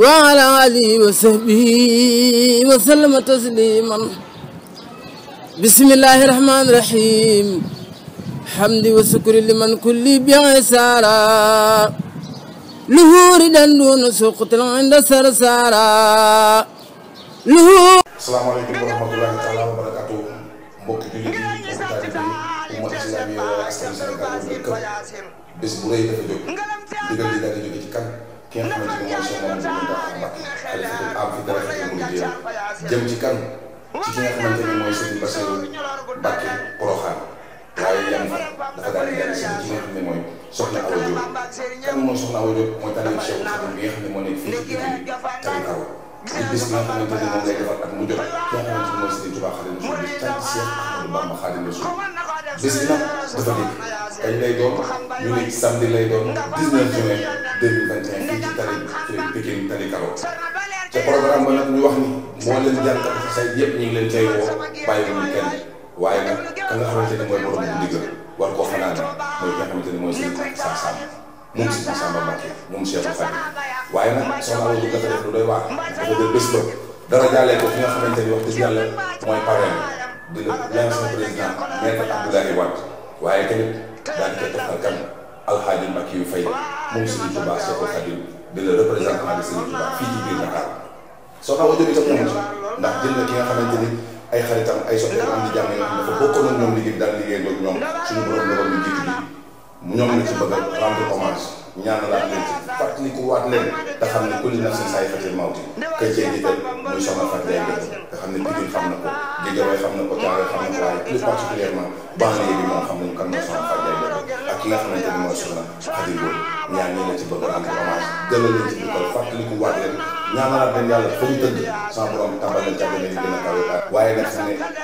وعلى آله وصحبه وسلم تسليما بسم الله الرحمن الرحيم حمد وشكر لمن كل بعسارا لهور دون سقط عند سرسارا لهور السلام عليكم ورحمة الله تعالى وبركاته mbokk jullit yi mbokk taalibe yi umma islaamiya askan Sénégal bu nekk bés bu rëy dafa jóg ndigal li daal di jóge ci kan ki nga xamante ne mooy Cheikh Mouhamadou Mountakha Mbacké jëm ci kan ci ki nga xamante ne mooy Serigne Bassirou Mbacké Porokhane waaye yan dafa daal di dellu si ci nga xam ne mooy Soxna Awa Diop kan mooy Soxna Awa Diop mooy tànn Cheikh Ousmane bi nga xam ne moo nekk fii ci tamit aw ci bis bi nga xamante ne moom lay defar ak mu jot ki nga xamante ne mooy Serigne Touba Khadim Rasoul di tànn Cheikh Ahmadou Bamba Khadim Rasoul bis bi nag dafa dikk kañ lay doon ñu ne samedi lay doon 19 juin 2021 fii ci tali ci Pikine tali Karo te programme ba nag ñu wax ni moo leen jànkuwante si say yëpp ñu ngi leen cay woo bàyyi wu ñu kenn waaye nag a nga xamante ne mooy borom bu ndigal war koo fanaan mooy nga xamante ne mooy seen Sam Sam moom si biir Samba Mbacké moom Cheikh Fadi waaye nag soxna Awa nga xamante ni mooy parrain di la l'ancien président maître Abdoulaye Wade waaye tamit daal di koy toppal kan alxaaji Mbacké yu fay. moom Serigne Touba Cheikhoul Khadim di le représentant de Serigne Touba fii ci biir Dakar soo xaw a jógee itam moomu ndax jël na ki nga xamante ni ay xaritam ay soppeeku am di jàng yoo xam dafa bokkoon ak ñoom liggéey bi daal liggéey ak ñoom suñu borom la ñu jiitu bi ñoom la ci bëgg a rendre hommage ñaanalaat leen ci fàttali ko waat leen te xam ne kulli nafsin zaa'iqatul mawti kër cee jiital muy soxna Fatou Ndiaye Gueye nga xam ne Pikine xam na ko Guédiawaye xam na ko Thiaroye xam na ko waaye plus particulièrement banlieue bi moom xam nañu kan mooy soxna Fatou Ndiaye ki nga xamante ni mooy soxna Khady Lo ñaar ñoo leen ci bëgg a rendre hommage gën a leen ci dugal fàttali ko waat leen ñaanalaat leen yàlla fa ñu tëdd sans borom tàmbal leen càgg leen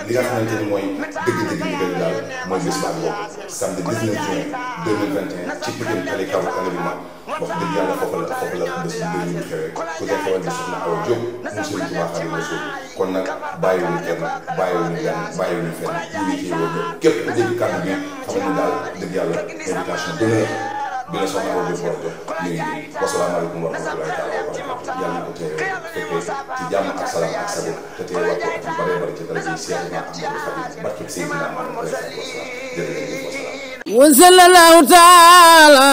gën a ni mooy dëgg-dëgg ñu gën daal mooy bés baa boobu ci Pikine Kali kaw Kali bi mag foofu la foofu la bés bi ñu xewee ku ca xewal di soxna Awa Diop mu sëriñ ci waa Xaadimu Rasuul kon nag bàyyiwuñu kenn bàyyiwuñu gan bàyyiwuñu fenn ñu ngi ciy woo képp ku dégg kàddu bi xam ne daal bi la soxla ko di porté léegi wasalaamaaleykum wa rahmatullahi taala wa barakatu yàlla na ko teew fekkee ci jàmm ak salaam ak sabir te teew wàcce ak yu bëree bëri ci dara ji Seexuna Ahmadu Xadim barke Seydina Maam rek jërëjëf wasalaam wa sallallahu taala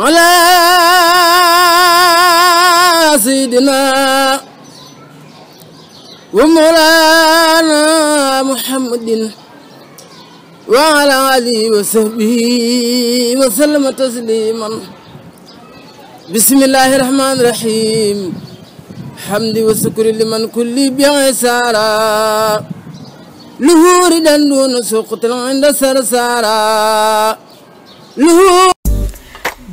ala sayyidina wa mawlana muhammadin وعلى آله وصحبه وسلم تسليما بسم الله الرحمن الرحيم حمد وشكر لمن كل بعسارا لهور دندون سقط عند سرسارا لهور